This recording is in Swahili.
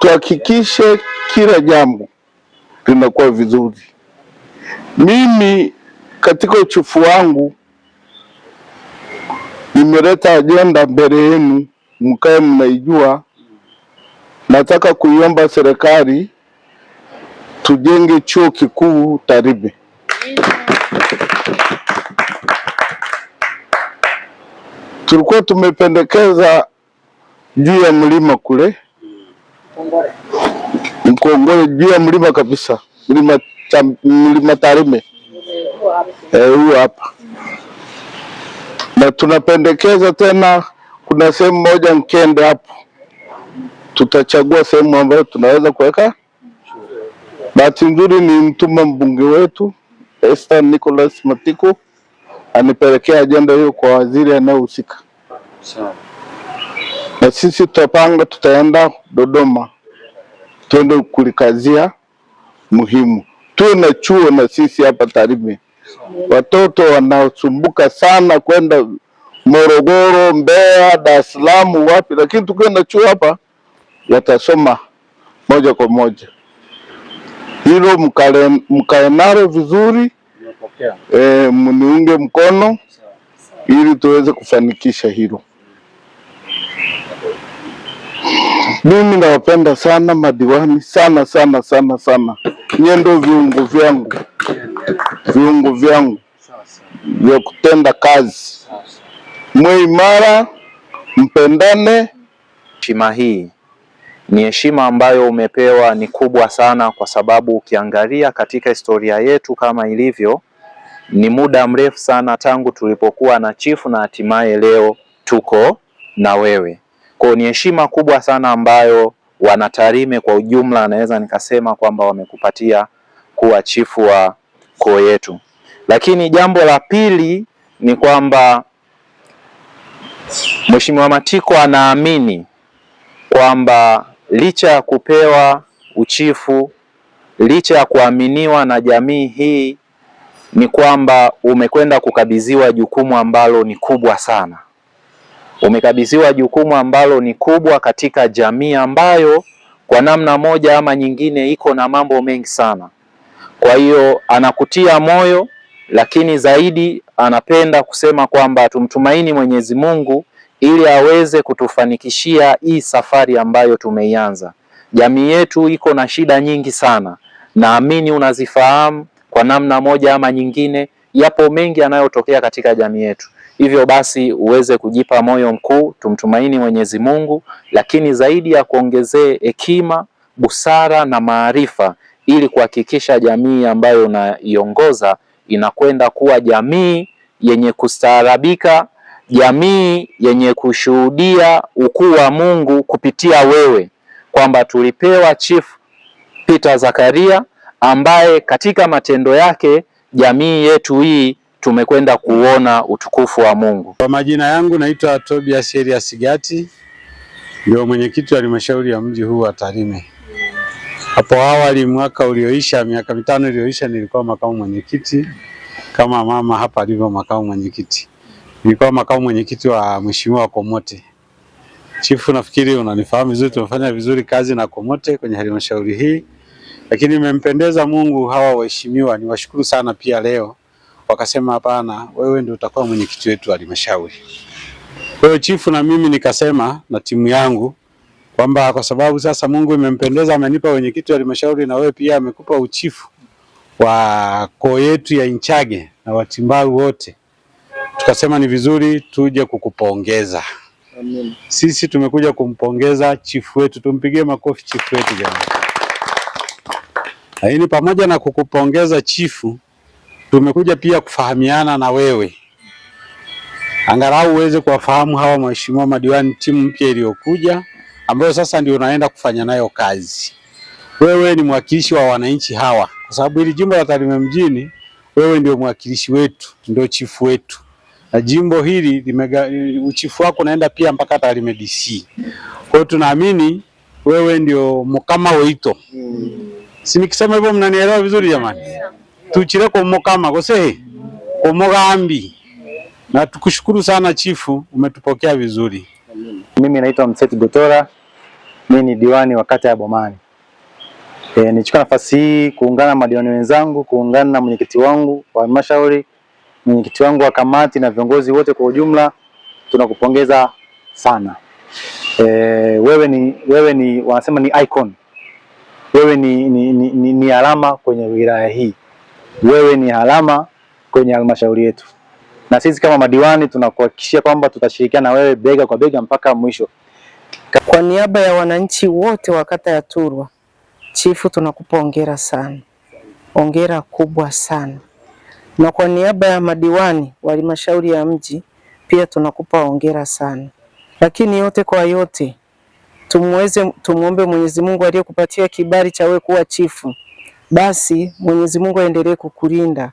tuhakikishe kila jambo linakuwa vizuri. Mimi katika uchufu wangu nimeleta ajenda mbele yenu, mkae mnaijua. Nataka kuiomba serikali tujenge chuo kikuu Tarime. Tulikuwa tumependekeza juu ya mlima kule Mkongole juu ya mlima kabisa, mlima tam, mlima Tarime eh, hapa na tunapendekeza tena, kuna sehemu moja Nkende hapo, tutachagua sehemu ambayo tunaweza kuweka. Bahati nzuri ni mtuma mbunge wetu Esther Nicholas Matiku anipelekea ajenda hiyo kwa waziri anayehusika na sisi tutapanga, tutaenda Dodoma tuende kulikazia muhimu. Tuwe na chuo na sisi hapa Tarime. Watoto wanaosumbuka sana kwenda Morogoro, Mbeya, Dar es Salaam, wapi, lakini tukiwa na chuo hapa watasoma moja kwa moja. Hilo mkae nalo vizuri, e, mniunge mkono ili tuweze kufanikisha hilo. Mimi nawapenda sana madiwani sana sana sana sana, nyie ndo viungo vyangu viungo vyangu vya kutenda kazi. Mwe imara, mpendane. Heshima hii ni heshima ambayo umepewa, ni kubwa sana, kwa sababu ukiangalia katika historia yetu kama ilivyo, ni muda mrefu sana tangu tulipokuwa na chifu na hatimaye leo tuko na wewe. Kwa ni heshima kubwa sana ambayo wanatarime kwa ujumla, naweza nikasema kwamba wamekupatia kuwa chifu wa koo yetu. Lakini jambo la pili ni kwamba Mheshimiwa Matiko anaamini kwamba licha ya kupewa uchifu, licha ya kuaminiwa na jamii hii, ni kwamba umekwenda kukabidhiwa jukumu ambalo ni kubwa sana. Umekabidhiwa jukumu ambalo ni kubwa katika jamii ambayo kwa namna moja ama nyingine iko na mambo mengi sana. Kwa hiyo anakutia moyo, lakini zaidi anapenda kusema kwamba tumtumaini Mwenyezi Mungu ili aweze kutufanikishia hii safari ambayo tumeianza. Jamii yetu iko na shida nyingi sana, naamini unazifahamu kwa namna moja ama nyingine. Yapo mengi yanayotokea katika jamii yetu. Hivyo basi uweze kujipa moyo mkuu, tumtumaini Mwenyezi Mungu, lakini zaidi ya kuongezee hekima, busara na maarifa, ili kuhakikisha jamii ambayo unaiongoza inakwenda kuwa jamii yenye kustaarabika, jamii yenye kushuhudia ukuu wa Mungu kupitia wewe, kwamba tulipewa Chief Peter Zakaria ambaye katika matendo yake jamii yetu hii tumekwenda kuona utukufu wa Mungu. Kwa majina yangu naitwa Tobias Sheria Sigati, ndio mwenyekiti wa halmashauri ya mji huu wa Tarime. Hapo awali mwaka ulioisha, miaka mitano iliyoisha, nilikuwa makamu mwenyekiti kama mama hapa alivyo makamu mwenyekiti. Nilikuwa makamu mwenyekiti wa Mheshimiwa Komote. Chifu, nafikiri unanifahamu vizuri, tumefanya vizuri kazi na Komote kwenye halmashauri hii, lakini imempendeza Mungu hawa waheshimiwa, niwashukuru sana pia leo wakasema hapana, wewe ndio utakuwa mwenyekiti wetu wa halmashauri. Kwa hiyo chifu na mimi nikasema na timu yangu kwamba kwa sababu sasa Mungu imempendeza amenipa wenyekiti wa halmashauri na wewe pia amekupa uchifu wa koo yetu ya Inchage na Watimbaru wote, tukasema ni vizuri tuje kukupongeza. Amen. Sisi tumekuja kumpongeza chifu wetu, tumpigie makofi chifu wetu jamani. Lakini pamoja na kukupongeza chifu Tumekuja pia kufahamiana na wewe angalau uweze kuwafahamu hawa mheshimiwa madiwani, timu mpya iliyokuja ambayo sasa ndio unaenda kufanya nayo kazi. Wewe ni mwakilishi wa wananchi hawa, kwa sababu hili jimbo la Tarime mjini, wewe ndio mwakilishi wetu, ndio chifu wetu, na jimbo hili limega, uchifu wako unaenda pia mpaka Tarime DC. Kwa hiyo tunaamini wewe ndio mkama weito, si nikisema hivyo mnanielewa vizuri jamani? tuchire kwa Mukama gose kwa Na tukushukuru sana chifu, umetupokea vizuri. Mimi naitwa Mseti Gotora, mimi ni diwani wa kata ya Bomani. E, nichukua nafasi hii kuungana na madiwani wenzangu, kuungana na mwenyekiti wangu wa halmashauri, mwenyekiti wangu wa kamati na viongozi wote kwa ujumla, tunakupongeza sana. E, wewe ni wewe ni wanasema ni icon. Wewe ni, ni, ni, ni, ni alama kwenye wilaya hii wewe ni alama kwenye halmashauri yetu, na sisi kama madiwani tunakuhakikishia kwamba tutashirikiana na wewe bega kwa bega mpaka mwisho. Kwa niaba ya wananchi wote wa kata ya Turwa, chifu, tunakupa hongera sana, hongera kubwa sana na kwa niaba ya madiwani wa halmashauri ya mji pia tunakupa hongera sana. Lakini yote kwa yote, tumweze tumwombe Mwenyezi Mungu aliyekupatia kibali cha wewe kuwa chifu basi Mwenyezi Mungu aendelee kukulinda